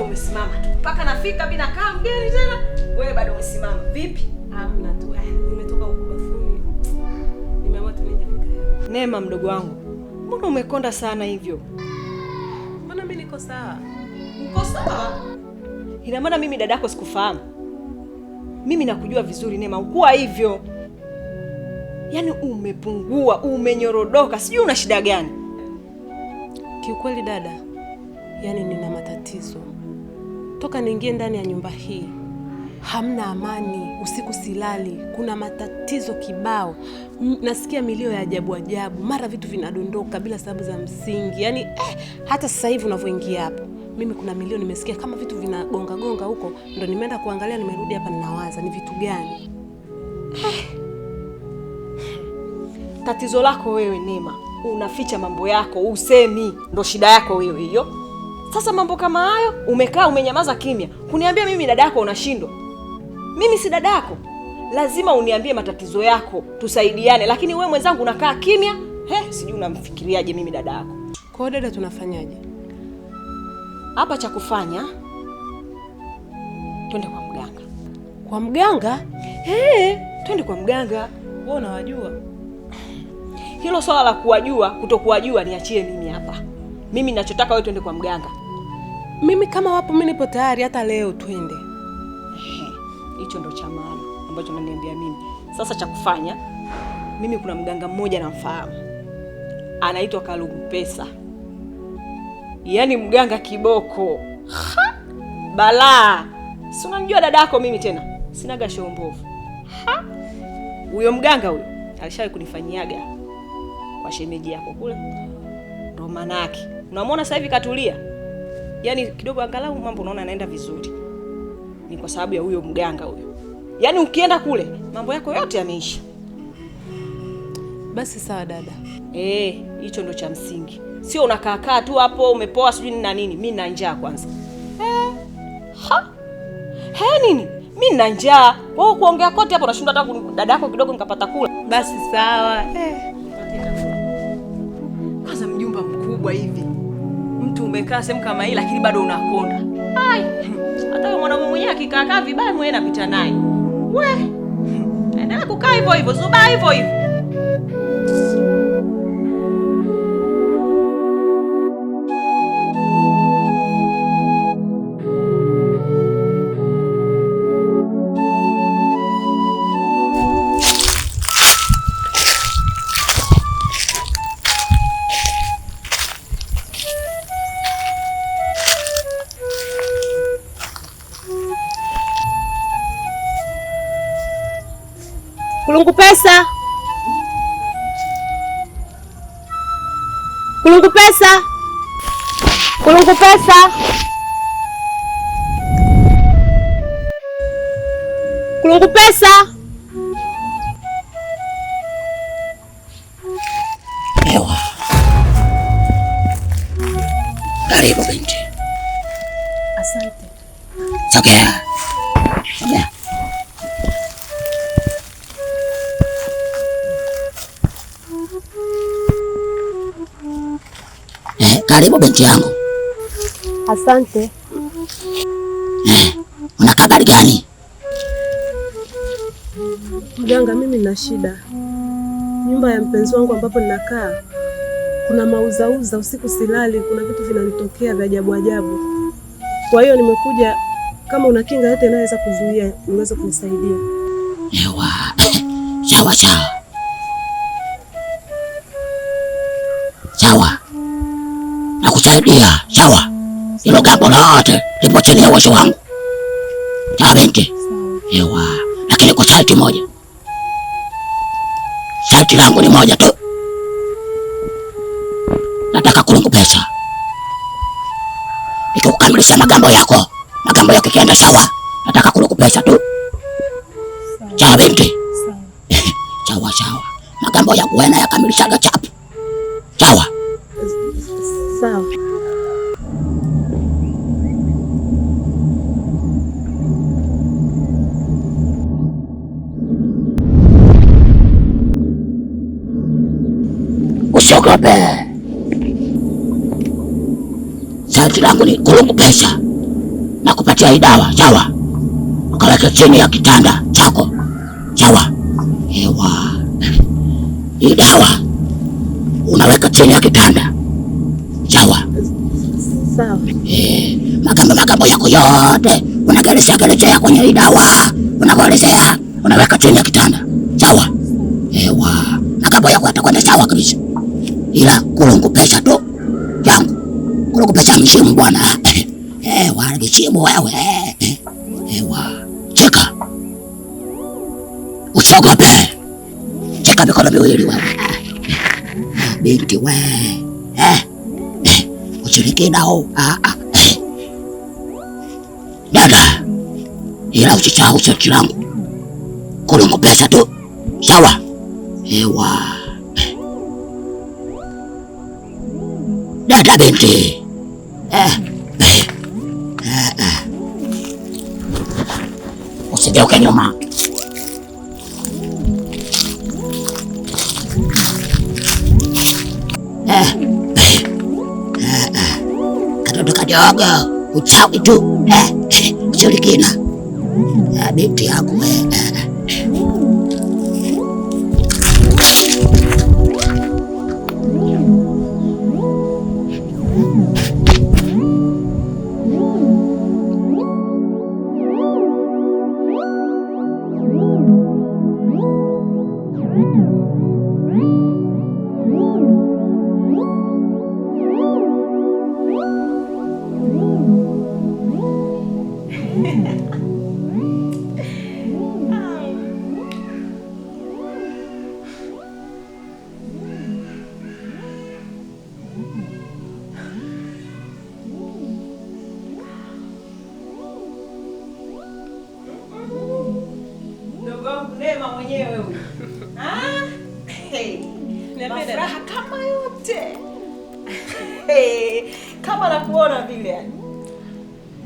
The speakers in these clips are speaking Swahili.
unakuta umesimama tu mpaka nafika mi nakaa mgeni tena, wewe bado umesimama. Vipi? Hamna tu, nimetoka huko bafuni, nimeamua tu nije nikae. Neema mdogo wangu, mbona umekonda sana hivyo? Mbona mimi niko sawa. Uko sawa? Ina maana mimi dadako sikufahamu? Mimi nakujua vizuri Neema, ukuwa hivyo yaani umepungua, umenyorodoka, sijui una shida gani kiukweli. Dada, yaani nina matatizo toka niingie ndani ya nyumba hii hamna amani, usiku silali, kuna matatizo kibao, nasikia milio ya ajabu ajabu, mara vitu vinadondoka bila sababu za msingi. Yaani eh, hata sasa hivi unavyoingia hapa, mimi kuna milio nimesikia kama vitu vinagonga gonga huko, ndo nimeenda kuangalia, nimerudi hapa, ninawaza ni vitu gani eh. Tatizo lako wewe Neema, unaficha mambo yako, usemi, ndo shida yako wewe hiyo. Sasa mambo kama hayo umekaa umenyamaza kimya kuniambia mimi dada yako, unashindwa? Mimi si dada yako, lazima uniambie matatizo yako tusaidiane, lakini wewe mwenzangu unakaa kimya. He, sijui unamfikiriaje mimi dada yako. Kwa dada, tunafanyaje hapa? Cha kufanya twende kwa mganga. Kwa mganga? He, twende kwa mganga. Wewe unawajua hilo swala la kuwajua kutokuwajua, niachie mimi hapa. Mimi ninachotaka wewe twende kwa mganga. Mimi kama wapo, mimi nipo tayari, hata leo twende. Hicho ndo cha maana ambacho naniambia mimi. Sasa cha kufanya mimi, kuna mganga mmoja namfahamu, anaitwa Kalumpesa, yaani mganga kiboko ha! Balaa, si unamjua dadako mimi, tena sinaga show mbovu. Huyo mganga huyo alishawahi kunifanyiaga kwa shemeji yako kule, ndo manake unamwona sasa hivi katulia yani kidogo angalau mambo unaona yanaenda vizuri, ni kwa sababu ya huyo mganga huyo. Yani ukienda kule mambo yako yote yameisha. Basi sawa dada, eh, hicho e, ndo cha msingi, sio unakaakaa tu hapo umepoa sijui na nini. Mi nina njaa kwanza e, ha. He, nini mi nina njaa wewe, kuongea kote hapo nashindwa hata dada yako kidogo nikapata kula. Basi sawa e. Kwanza mjumba mkubwa hivi umekaa sehemu kama hii, lakini bado unakonda. Ai, hata mwanamume mwenyewe akikaakaa vibaya, mwenyewe napita naye. We endelea kukaa hivyo hivyo, zubaa hivyo hivyo. Pesa, kulungu pesa, kulungu pesa, kulungu pesa. Karibu binti yangu. Asante. Eh, unakaa gari gani? Mganga, mimi na shida. Nyumba ya mpenzi wangu ambapo ninakaa kuna mauzauza, usiku silali, kuna vitu vinanitokea vya ajabu ajabu. Kwa hiyo nimekuja, kama una kinga yote inaweza kuzuia niweze kunisaidia. Ewa, eh, sawa sawa. kusaidia. Sawa, hilo jambo lote lipo chini ya uwezo wangu. Sawa binti? Ewa, lakini kwa sharti moja. Sharti langu ni moja tu, nataka kulungu pesa. Nikikukamilisha magambo yako, magambo yako kienda sawa, nataka kulungu pesa tu. Sawa binti? Sawa sawa, magambo ya yakamilishaga niogope. Sharti langu ni kulungu pesa na kupatia hii dawa, sawa? Ukaweke chini ya kitanda chako, sawa? Hewa hii dawa unaweka chini ya kitanda, sawa? Sawa. Eh, makambo magambo magambo yako yote unageresha geresha kwenye hii dawa, unagoresea, unaweka chini ya kitanda, sawa? Hewa magambo yako yatakwenda sawa kabisa ila kulongopesha tu yangu kulongopesha mzimu bwana eh, eh wana mzimu wewe ewa eh, eh, cheka usiogope cheka mikono miwili wewe binti we eh, eh, ushirikina huu ah, ah, Dada ila usisahau sharti langu kulongopesha tu sawa ewa đã ra biển eh, eh, à, à. Possiamo che non ma. Eh, eh, eh, eh. Kadodo kadogo, uchao kitu. Eh, eh, sio likina. Eh, binti yangu wewe. kama nakuona vile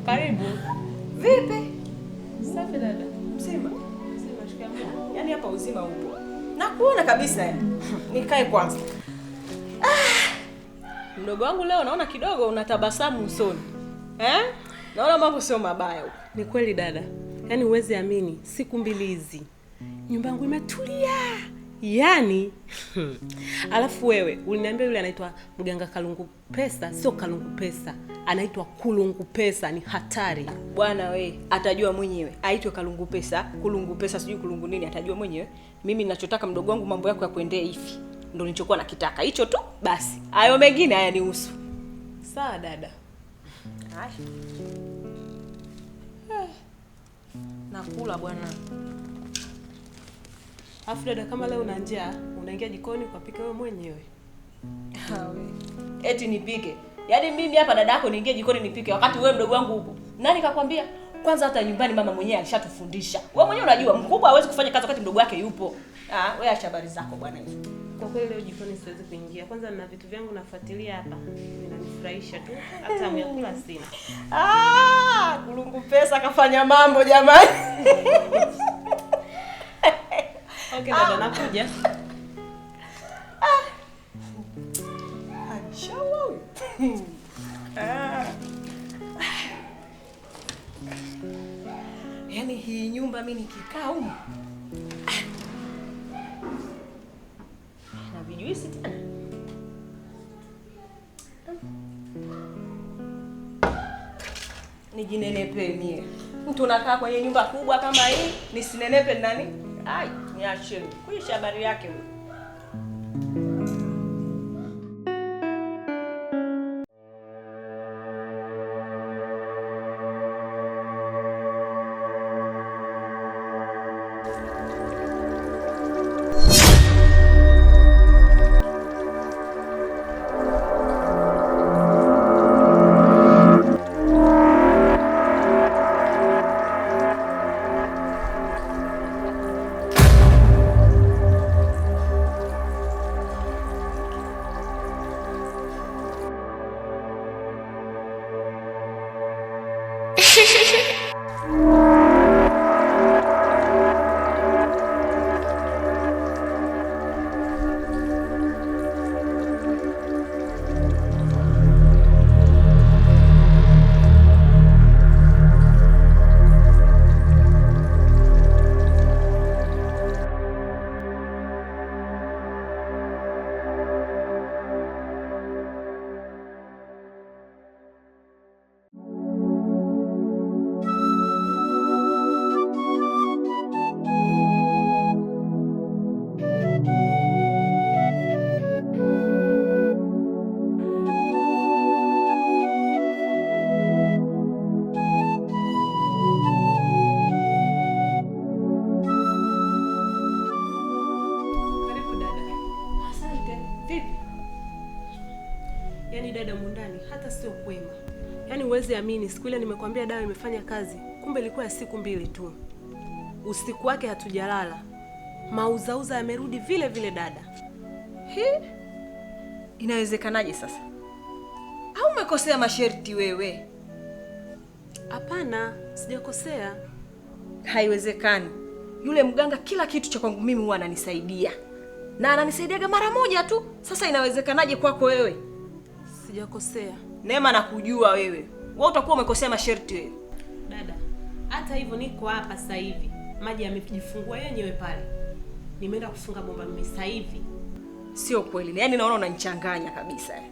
Karibu. Vipi? Safi dada. Mzima? Mzima, shikamoo. Yaani hapa uzima upo. Nakuona kabisa Nikae kwanza. Ah! Mdogo wangu leo naona kidogo unatabasamu usoni. Eh? Naona mambo sio mabaya huko. Ni kweli dada. Yaani huwezi amini, siku mbili hizi nyumba yangu imetulia yani alafu wewe uliniambia yule anaitwa mganga Kalungu Pesa. Sio Kalungu Pesa, anaitwa Kulungu Pesa. Ni hatari bwana, we atajua mwenyewe, aitwe Kalungu Pesa, Kulungu Pesa, sijui Kulungu nini, atajua mwenyewe. Mimi nachotaka mdogo wangu, mambo yako yakuendee hivi, ndo na nakitaka hicho tu. Basi hayo mengine usu Sawa dada. Eh. Nakula bwana. Afu dada, kama leo una njaa, unaingia jikoni ukapika wewe mwenyewe. Hawe. Eti nipike. Yaani mimi hapa dada yako niingie jikoni nipike wakati wewe mdogo wangu upo. Nani kakwambia? Kwanza hata nyumbani mama mwenyewe alishatufundisha. Wewe mwenyewe unajua mkubwa hawezi kufanya kazi wakati mdogo wake yupo. Ah, wewe acha habari zako bwana hizo. Kwa kweli leo jikoni siwezi kuingia. Kwanza nina vitu vyangu nafuatilia hapa. Vinanifurahisha tu. Hata mwenyewe sina. Ah, kulungu pesa kafanya mambo jamani. yake dada, nakuja. Yaani hii nyumba mimi nikikaa huko na vijuisi tena. Nijinenepe mie. Mtu unakaa kwenye nyumba kubwa kama hii, nisinenepe nani? Ai ni niacheni kuisha habari yake huyo. Usiamini, siku ile nimekwambia dawa imefanya kazi, kumbe ilikuwa ya siku mbili tu. Usiku wake hatujalala, mauzauza yamerudi vile vile. Dada, hi, inawezekanaje sasa? Au umekosea masharti wewe? Hapana, sijakosea. Haiwezekani. Yule mganga kila kitu cha kwangu mimi huwa ananisaidia na ananisaidiaga mara moja tu. Sasa inawezekanaje kwako wewe? Sijakosea Neema, nakujua wewe wewe utakuwa umekosea masharti wewe. Dada, hata hivyo niko hapa sasa hivi. Maji yamejifungua yenyewe pale. Nimeenda kufunga bomba mimi sasa hivi. Sio kweli. Yaani naona unanichanganya kabisa. Eh.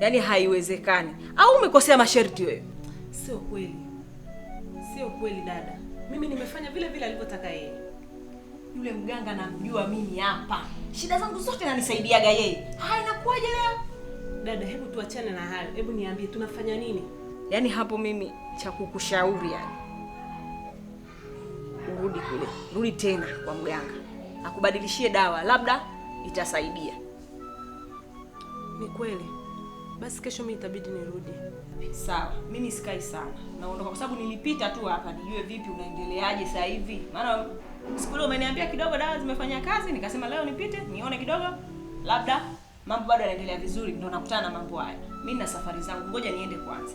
Yaani haiwezekani. Au umekosea masharti wewe? Sio kweli. Sio kweli dada. Mimi nimefanya vile vile alivyotaka yeye. Yule mganga namjua mimi hapa. Shida zangu zote ananisaidiaga yeye. Haya, inakuwaje leo? Dada, hebu tuachane na hayo, hebu niambie tunafanya nini? Yaani hapo mimi cha kukushauri yani, urudi kule, rudi tena kwa mganga akubadilishie dawa, labda itasaidia. Ni kweli? Basi kesho mimi itabidi nirudi. Sawa, mimi sikai sana, naondoka kwa sababu nilipita tu hapa nijue vipi unaendeleaje sasa hivi, maana siku ile umeniambia kidogo dawa zimefanya kazi, nikasema leo nipite nione kidogo labda mambo bado yanaendelea vizuri, ndio nakutana na mambo haya. Mimi na safari zangu, ngoja niende kwanza.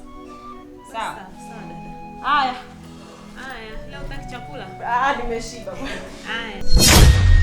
Sawa sawa dada. Haya haya, leo utaki chakula? Ah, nimeshiba. Haya.